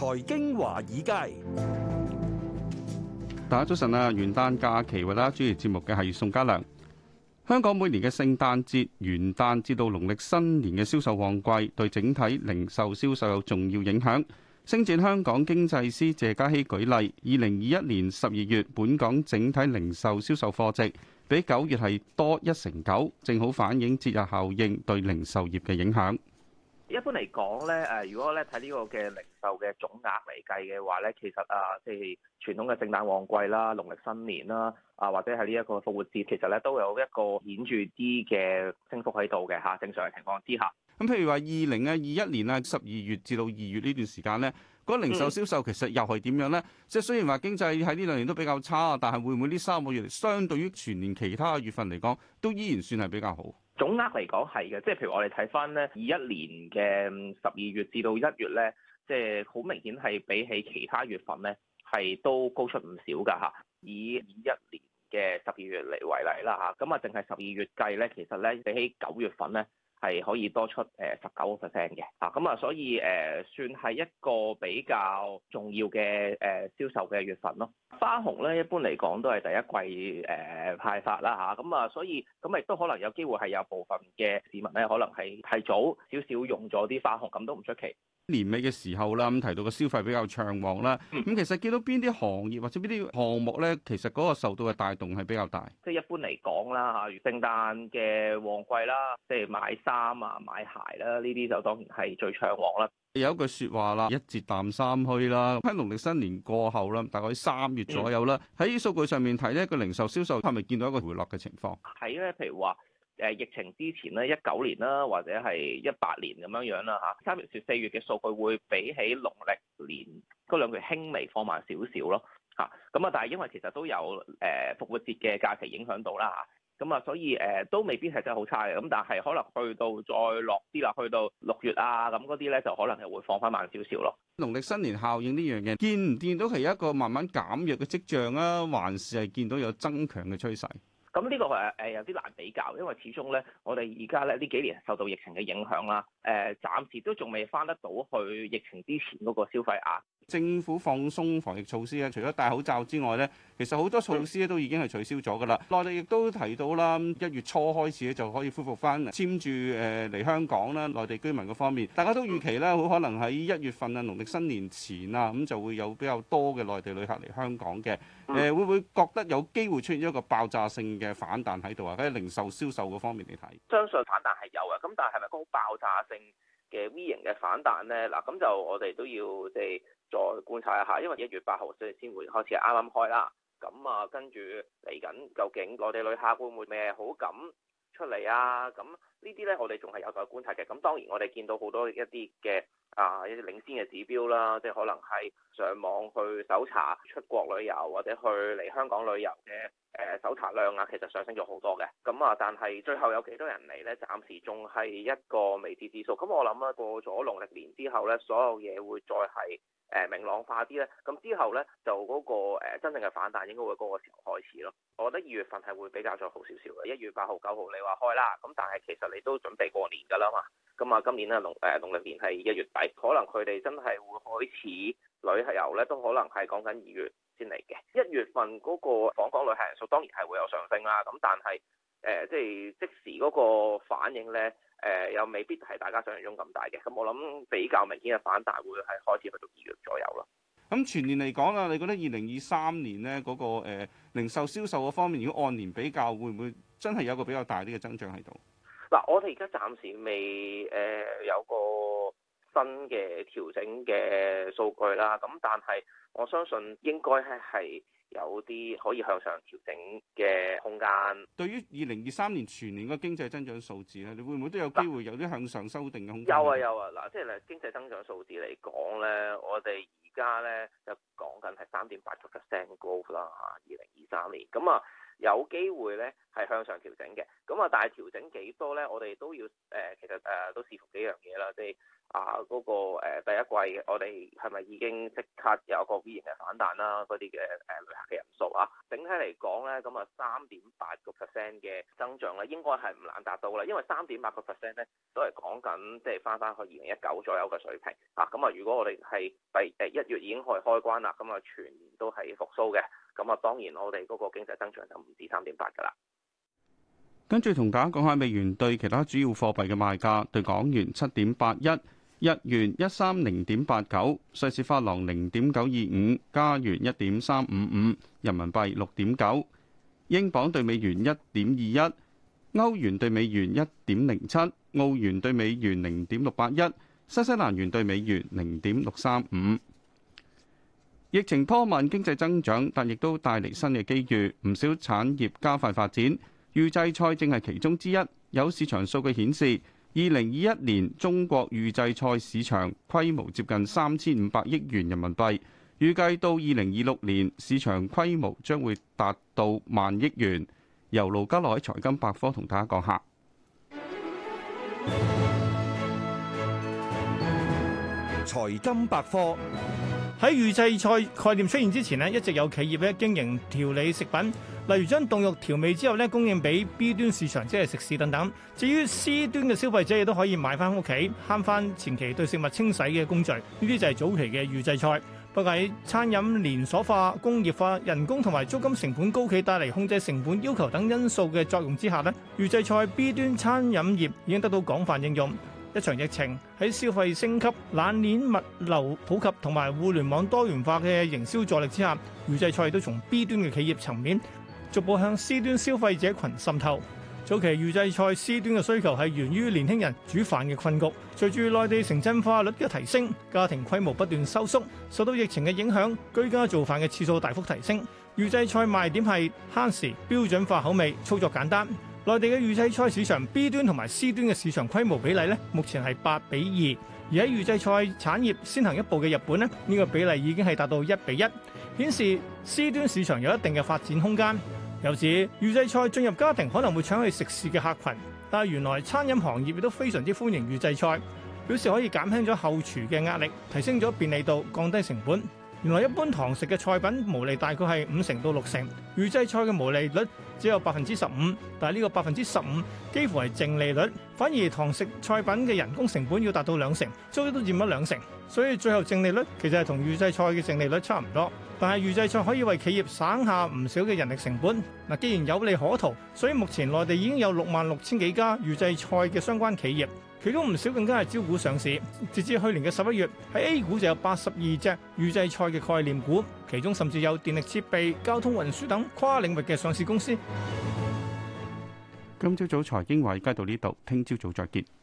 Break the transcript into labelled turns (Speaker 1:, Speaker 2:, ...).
Speaker 1: 財經華爾街，大家早晨啊！元旦假期為大家主持節目嘅係宋家良。香港每年嘅聖誕節、元旦至到農曆新年嘅銷售旺季，對整體零售銷售有重要影響。星展香港經濟師謝嘉熙舉例，二零二一年十二月，本港整體零售銷售貨值比九月係多一成九，正好反映節日效應對零售業嘅影響。
Speaker 2: 一般嚟講咧，誒，如果咧睇呢個嘅零售嘅總額嚟計嘅話咧，其實啊，即係傳統嘅聖誕旺季啦、農曆新年啦，啊，或者係呢一個復活節，其實咧都有一個顯著啲嘅升幅喺度嘅吓。正常嘅情況之下，
Speaker 1: 咁譬如話，二零啊二一年啊十二月至到二月呢段時間咧，嗰零售銷售其實又係點樣咧？即係、嗯、雖然話經濟喺呢兩年都比較差，但係會唔會呢三個月嚟，相對於全年其他月份嚟講，都依然算係比較好？
Speaker 2: 總額嚟講係嘅，即係譬如我哋睇返咧，二一年嘅十二月至到一月咧，即係好明顯係比起其他月份咧，係都高出唔少㗎嚇。以二一年嘅十二月嚟為例啦嚇，咁啊淨係十二月計咧，其實咧比起九月份咧，係可以多出誒十九個 percent 嘅，啊咁啊，所以誒、呃、算係一個比較重要嘅誒、呃、銷售嘅月份咯。花紅咧一般嚟講都係第一季誒、呃、派發啦，嚇咁啊，所以咁亦都可能有機會係有部分嘅市民咧，可能係提早少少用咗啲花紅，咁都唔出奇。
Speaker 1: 年尾嘅時候啦，咁提到個消費比較暢旺啦，咁、嗯、其實見到邊啲行業或者邊啲項目咧，其實嗰個受到嘅帶動係比較大。即
Speaker 2: 係一般嚟講啦，如聖誕嘅旺季啦，即係買衫啊、買鞋啦，呢啲就當然係最暢旺啦。
Speaker 1: 有一句説話啦，一節淡三虛啦，喺農曆新年過後啦，大概三月左右啦，喺、嗯、數據上面睇呢個零售銷售係咪見到一個回落嘅情況？
Speaker 2: 係咧，譬如話。誒疫情之前咧，一九年啦，或者係一八年咁樣樣啦嚇。三月至四月嘅數據會比起農曆年嗰兩月輕微放慢少少咯嚇。咁啊，但係因為其實都有誒復活節嘅假期影響到啦嚇。咁啊，所以誒都未必係真係好差嘅。咁但係可能去到再落啲啦，去到六月啊咁嗰啲咧，就可能係會放返慢少少咯。
Speaker 1: 農曆新年效應呢樣嘢，見唔見到係一個慢慢減弱嘅跡象啊，還是係見到有增強嘅趨勢？
Speaker 2: 咁呢個係誒有啲難比較，因為始終咧，我哋而家咧呢幾年受到疫情嘅影響啦，誒、呃、暫時都仲未返得到去疫情之前嗰個消費額。
Speaker 1: 政府放鬆防疫措施咧，除咗戴口罩之外咧，其實好多措施咧都已經係取消咗㗎喇。嗯、內地亦都提到啦，一月初開始咧就可以恢復返簽注誒嚟香港啦。內地居民嘅方面，大家都預期咧，好可能喺一月份啊，農曆新年前啊，咁就會有比較多嘅內地旅客嚟香港嘅。誒、嗯，會唔會覺得有機會出現一個爆炸性嘅反彈喺度啊？喺零售銷售嘅方面嚟睇，
Speaker 2: 相信反彈係有啊。咁但係係咪嗰爆炸性？嘅 V 型嘅反彈呢，嗱咁就我哋都要即再觀察一下，因為一月八號先先會剛剛開始啱啱開啦，咁啊跟住嚟緊究竟內地旅客會唔會咩好感出嚟啊？咁呢啲呢，我哋仲係有待觀察嘅。咁、嗯、當然我哋見到好多一啲嘅。啊！一啲領先嘅指標啦，即係可能係上網去搜查出國旅遊或者去嚟香港旅遊嘅誒搜查量啊，其實上升咗好多嘅。咁啊，但係最後有幾多人嚟呢？暫時仲係一個未知之數。咁我諗啊，過咗農曆年之後呢，所有嘢會再係誒明朗化啲呢。咁之後呢，就嗰個誒真正嘅反彈應該會嗰個時候開始咯。我覺得二月份係會比較再好少少嘅。一月八號九號你話開啦，咁但係其實你都準備過年㗎啦嘛。咁啊，今年咧，農誒、呃、農曆年係一月底，可能佢哋真係會開始旅遊，咧，都可能係講緊二月先嚟嘅。一月份嗰個訪港旅客人數當然係會有上升啦。咁但係誒、呃，即係即，即時嗰個反應咧，誒、呃、又未必係大家想象中咁大嘅。咁、嗯、我諗比較明顯嘅反彈會係開始去到二月左右咯。
Speaker 1: 咁全年嚟講啦，你覺得二零二三年咧嗰、嗰個、呃、零售銷售嗰方面，如果按年比較，會唔會真係有個比較大啲嘅增長喺度？
Speaker 2: 嗱，我哋而家暫時未誒、呃、有個新嘅調整嘅數據啦，咁但係我相信應該咧係有啲可以向上調整嘅空間。
Speaker 1: 對於二零二三年全年個經濟增長數字咧，你會唔會都有機會有啲向上修訂嘅空間啊？有啊有
Speaker 2: 啊，嗱，即係咧經濟增長數字嚟講咧，我哋而家咧就講緊係三點八個 percent growth 啦，二零二三年咁啊。有機會咧係向上調整嘅，咁啊，但係調整幾多咧？我哋都要誒、呃，其實誒、呃、都視乎幾樣嘢啦，即係啊嗰個、呃、第一季我哋係咪已經即刻有一個 V 型嘅反彈啦？嗰啲嘅誒旅客嘅人數啊，整體嚟講咧，咁啊三點八個 percent 嘅增長咧，應該係唔難達到啦，因為三點八個 percent 咧都係講緊即係翻翻去二零一九左右嘅水平啊。咁啊，如果我哋係第誒一月已經可以開關啦，咁啊全年都係復甦嘅。咁啊，當然我哋嗰個經濟增長就唔止三點八㗎啦。
Speaker 1: 跟住同大家講下美元對其他主要貨幣嘅賣價：對港元七點八一，日元一三零點八九，瑞士法郎零點九二五，加元一點三五五，人民幣六點九，英鎊對美元一點二一，歐元對美元一點零七，澳元對美元零點六八一，新西蘭元對美元零點六三五。疫情拖慢經濟增長，但亦都帶嚟新嘅機遇，唔少產業加快發展。預製菜正係其中之一。有市場數據顯示，二零二一年中國預製菜市場規模接近三千五百億元人民幣，預計到二零二六年，市場規模將會達到萬億元。由盧嘉來財金百科同大家講下
Speaker 3: 財金百科。喺預製菜概念出現之前咧，一直有企業咧經營調理食品，例如將凍肉調味之後咧供應俾 B 端市場，即係食肆等等。至於 C 端嘅消費者亦都可以買翻屋企，慳翻前期對食物清洗嘅工序。呢啲就係早期嘅預製菜。不過喺餐飲連鎖化、工業化、人工同埋租金成本高企帶嚟控制成本要求等因素嘅作用之下咧，預製菜 B 端餐飲業已經得到廣泛應用。一場疫情喺消費升級、冷鏈物流普及同埋互聯網多元化嘅營銷助力之下，預製菜都從 B 端嘅企業層面逐步向 C 端消費者群滲透。早期預製菜 C 端嘅需求係源於年輕人煮飯嘅困局。隨住內地城鎮化率嘅提升，家庭規模不斷收縮，受到疫情嘅影響，居家做飯嘅次數大幅提升。預製菜賣點係慳時、標準化口味、操作簡單。內地嘅預製菜市場 B 端同埋 C 端嘅市場規模比例咧，目前係八比二。而喺預製菜產業先行一步嘅日本咧，呢個比例已經係達到一比一，顯示 C 端市場有一定嘅發展空間。由此，預製菜進入家庭可能會搶去食肆嘅客群，但係原來餐飲行業亦都非常之歡迎預製菜，表示可以減輕咗後廚嘅壓力，提升咗便利度，降低成本。原來一般堂食嘅菜品毛利大概係五成到六成，預製菜嘅毛利率只有百分之十五，但係呢個百分之十五幾乎係淨利率，反而堂食菜品嘅人工成本要達到兩成，租都佔咗兩成，所以最後淨利率其實係同預製菜嘅淨利率差唔多，但係預製菜可以為企業省下唔少嘅人力成本。嗱，既然有利可圖，所以目前內地已經有六萬六千幾家預製菜嘅相關企業。其中唔少更加係招股上市，直至去年嘅十一月，喺 A 股就有八十二隻預製菜嘅概念股，其中甚至有電力設備、交通運輸等跨領域嘅上市公司。
Speaker 1: 今朝早財經華爾街到呢度，聽朝早，早再見。